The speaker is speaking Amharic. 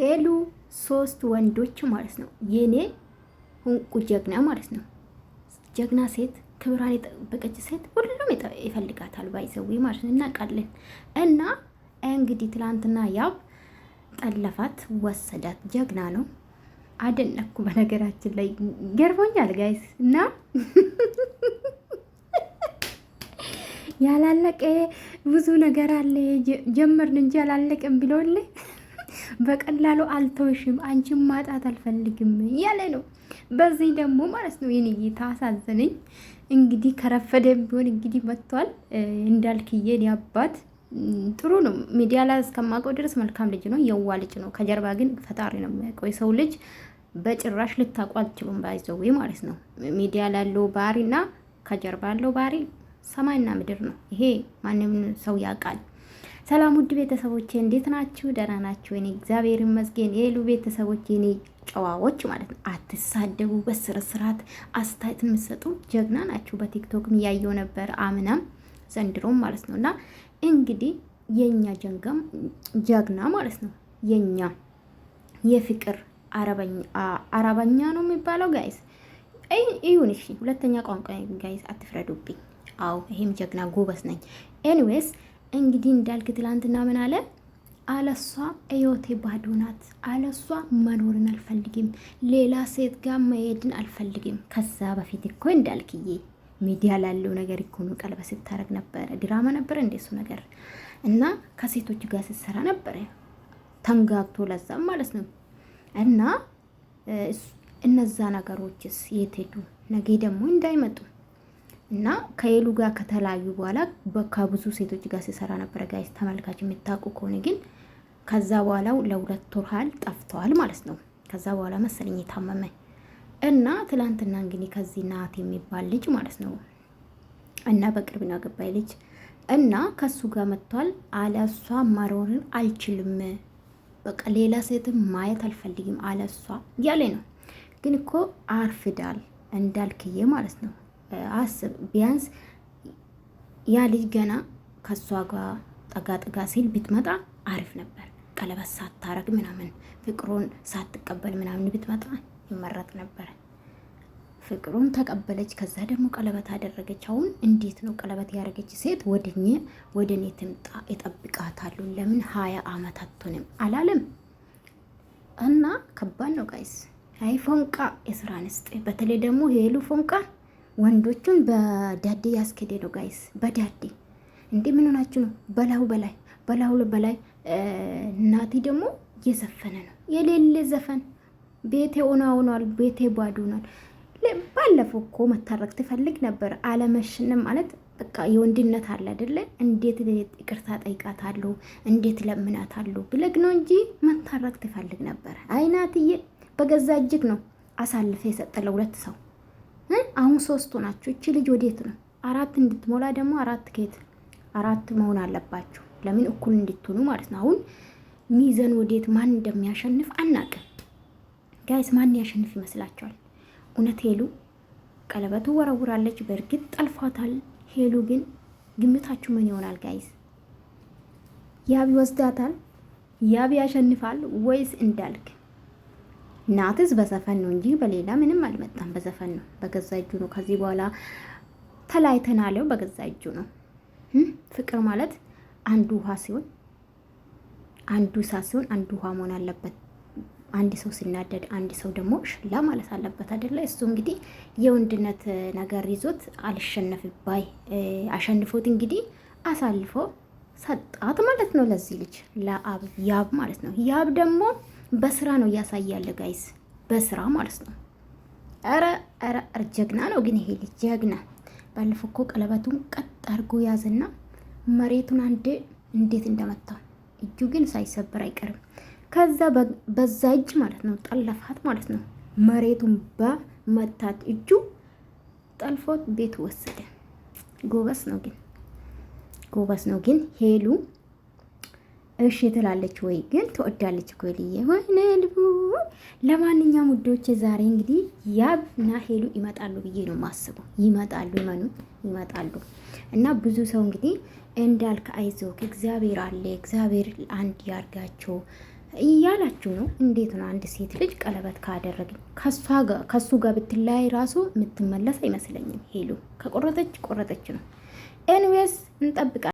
ሄሉ ሶስት ወንዶች ማለት ነው። የኔ እንቁ ጀግና ማለት ነው። ጀግና ሴት፣ ክብራን የጠበቀች ሴት ሁሉም ይፈልጋታል። ባይዘዊ ማለት ነው። እናውቃለን። እና እንግዲህ ትላንትና ያው ጠለፋት፣ ወሰዳት። ጀግና ነው። አደነኩ። በነገራችን ላይ ገርሞኛል ጋይስ እና ያላለቀ ብዙ ነገር አለ ጀመርን እንጂ ያላለቀም በቀላሉ አልተውሽም፣ አንቺን ማጣት አልፈልግም እያለ ነው። በዚህ ደግሞ ማለት ነው የኔ ጌታ አሳዘነኝ። እንግዲህ ከረፈደም ቢሆን እንግዲህ መጥቷል እንዳልክዬ አባት ጥሩ ነው። ሚዲያ ላይ እስከማውቀው ድረስ መልካም ልጅ ነው፣ የዋ ልጅ ነው። ከጀርባ ግን ፈጣሪ ነው የሚያውቀው። የሰው ልጅ በጭራሽ ልታውቁ አልችሉም። ባይዘው ማለት ነው ሚዲያ ላለው ባህሪና ከጀርባ ያለው ባህሪ ሰማይና ምድር ነው። ይሄ ማንም ሰው ያውቃል። ሰላም ውድ ቤተሰቦቼ እንዴት ናችሁ? ደህና ናችሁ? እኔ እግዚአብሔር ይመስገን። የሉ ቤተሰቦቼ እኔ ጨዋዎች ማለት ነው። አትሳደቡ፣ በስርዓት አስተያየት የምትሰጡ ጀግና ናችሁ። በቲክቶክም እያየው ነበር አምናም ዘንድሮም ማለት ነው። እና እንግዲህ የኛ ጀንገም ጀግና ማለት ነው። የኛ የፍቅር አረበኛ ነው የሚባለው ጋይስ ይሁን እሺ፣ ሁለተኛ ቋንቋ ጋይስ አትፍረዱብኝ። አዎ ይሄም ጀግና ጎበዝ ነኝ። ኤኒዌይስ እንግዲህ እንዳልክ ትላንትና ምን አለ? አለሷ እዮቴ ባዶ ናት። አለሷ መኖርን አልፈልግም። ሌላ ሴት ጋር መሄድን አልፈልግም። ከዛ በፊት እኮ እንዳልክዬ ሚዲያ ላለው ነገር እኮ ነው ስታረግ ነበረ። ድራማ ነበረ እንደሱ ነገር እና ከሴቶች ጋር ስትሰራ ነበረ ተንጋግቶ፣ ለዛም ማለት ነው እና እነዛ ነገሮችስ የት ሄዱ? ነገ ደግሞ እንዳይመጡ እና ከሄሉ ጋር ከተለያዩ በኋላ ከብዙ ሴቶች ጋር ሲሰራ ነበረ። ጋይስ ተመልካች የምታውቁ ከሆነ ግን ከዛ በኋላ ለሁለት ወር ያህል ጠፍተዋል ማለት ነው። ከዛ በኋላ መሰለኝ የታመመ እና ትላንትና እንግዲህ ከዚህ ናት የሚባል ልጅ ማለት ነው እና በቅርብ ነው ያገባይ ልጅ እና ከሱ ጋር መጥቷል። አለሷ መሮርን አልችልም፣ በቃ ሌላ ሴትም ማየት አልፈልግም አለሷ እያለ ነው። ግን እኮ አርፍዳል እንዳልክዬ ማለት ነው አስብ። ቢያንስ ያ ልጅ ገና ከእሷ ጋር ጠጋ ጠጋ ሲል ብትመጣ አሪፍ ነበር። ቀለበት ሳታረግ ምናምን ፍቅሩን ሳትቀበል ምናምን ብትመጣ ይመረጥ ነበር። ፍቅሩን ተቀበለች፣ ከዛ ደግሞ ቀለበት አደረገች። አሁን እንዴት ነው ቀለበት ያደረገች ሴት ወደኔ ወደ እኔ ትምጣ ይጠብቃታሉ? ለምን ሀያ አመት አትሆንም አላለም እና ከባድ ነው ጋይስ። አይ ፎንቃ የስራ ስጥ። በተለይ ደግሞ ሄሉ ፎንቃ ወንዶቹን በዳዴ ያስኬደ ነው ጋይስ። በዳዴ እንዴ ምን ሆናችሁ ነው? በላሁ በላይ በላሁ በላይ እናቴ ደግሞ እየዘፈነ ነው የሌለ ዘፈን። ቤቴ ሆና ሆኗል፣ ቤቴ ባዶ ሆኗል። ባለፈው እኮ መታረቅ ትፈልግ ነበር አለመሽንም ማለት በቃ የወንድነት አለ አይደለ? እንዴት ይቅርታ ጠይቃታለሁ፣ እንዴት ለምናታለሁ ብለግ ነው እንጂ መታረቅ ትፈልግ ነበር። አይናትዬ በገዛ እጅግ ነው አሳልፈ የሰጠ ለሁለት ሰው አሁን ሶስቱ ናቸው። እቺ ልጅ ወዴት ነው? አራት እንድትሞላ ደግሞ አራት ከየት አራት መሆን አለባቸው። ለምን እኩል እንድትሆኑ ማለት ነው። አሁን ሚዘን ወዴት ማን እንደሚያሸንፍ አናቅም። ጋይስ ማን ያሸንፍ ይመስላቸዋል? እውነት ሄሉ ቀለበቱ ወረውራለች። በእርግጥ ጠልፏታል። ሄሉ ግን ግምታችሁ ምን ይሆናል ጋይስ? ያብ ይወስዳታል? ያብ ያሸንፋል ወይስ እንዳልክ ናትስ በዘፈን ነው እንጂ በሌላ ምንም አልመጣም። በዘፈን ነው፣ በገዛ እጁ ነው። ከዚህ በኋላ ተለያይተን አለው በገዛ እጁ ነው። ፍቅር ማለት አንዱ ውሃ ሲሆን አንዱ እሳት ሲሆን አንዱ ውሃ መሆን አለበት። አንድ ሰው ሲናደድ አንድ ሰው ደግሞ ሽላ ማለት አለበት አይደለ? እሱ እንግዲህ የወንድነት ነገር ይዞት አልሸነፍባይ አሸንፎት እንግዲህ አሳልፎ ሰጣት ማለት ነው ለዚህ ልጅ ለአብ ያብ ማለት ነው ያብ ደግሞ በስራ ነው እያሳያለ ጋይስ፣ በስራ ማለት ነው። ኧረ ኧረ ጀግና ነው ግን ይሄ ልጅ ጀግና። ባለፈው እኮ ቀለበቱን ቀጥ አድርጎ ያዝና መሬቱን አንዴ እንዴት እንደመታው እጁ ግን ሳይሰበር አይቀርም። ከዛ በዛ እጅ ማለት ነው ጠለፋት ማለት ነው። መሬቱን በመታት እጁ ጠልፎት ቤት ወሰደ። ጎበስ ነው ግን ጎበስ ነው ግን ሄሉ እሺ ትላለች ወይ ግን ትወዳለች እኮ ልዬ ሆነ ልቡ። ለማንኛውም ውዶች ዛሬ እንግዲህ ያብ እና ሄሉ ይመጣሉ ብዬ ነው ማስቡ ይመጣሉ መኑ ይመጣሉ እና ብዙ ሰው እንግዲህ እንዳልክ አይዞክ፣ እግዚአብሔር አለ፣ እግዚአብሔር አንድ ያርጋቸው እያላችሁ ነው። እንዴት ነው አንድ ሴት ልጅ ቀለበት ካደረግ ከሱ ጋር ብትለያይ ራሱ የምትመለስ አይመስለኝም። ሄሉ ከቆረጠች ቆረጠች ነው። ኤንዌስ እንጠብቃል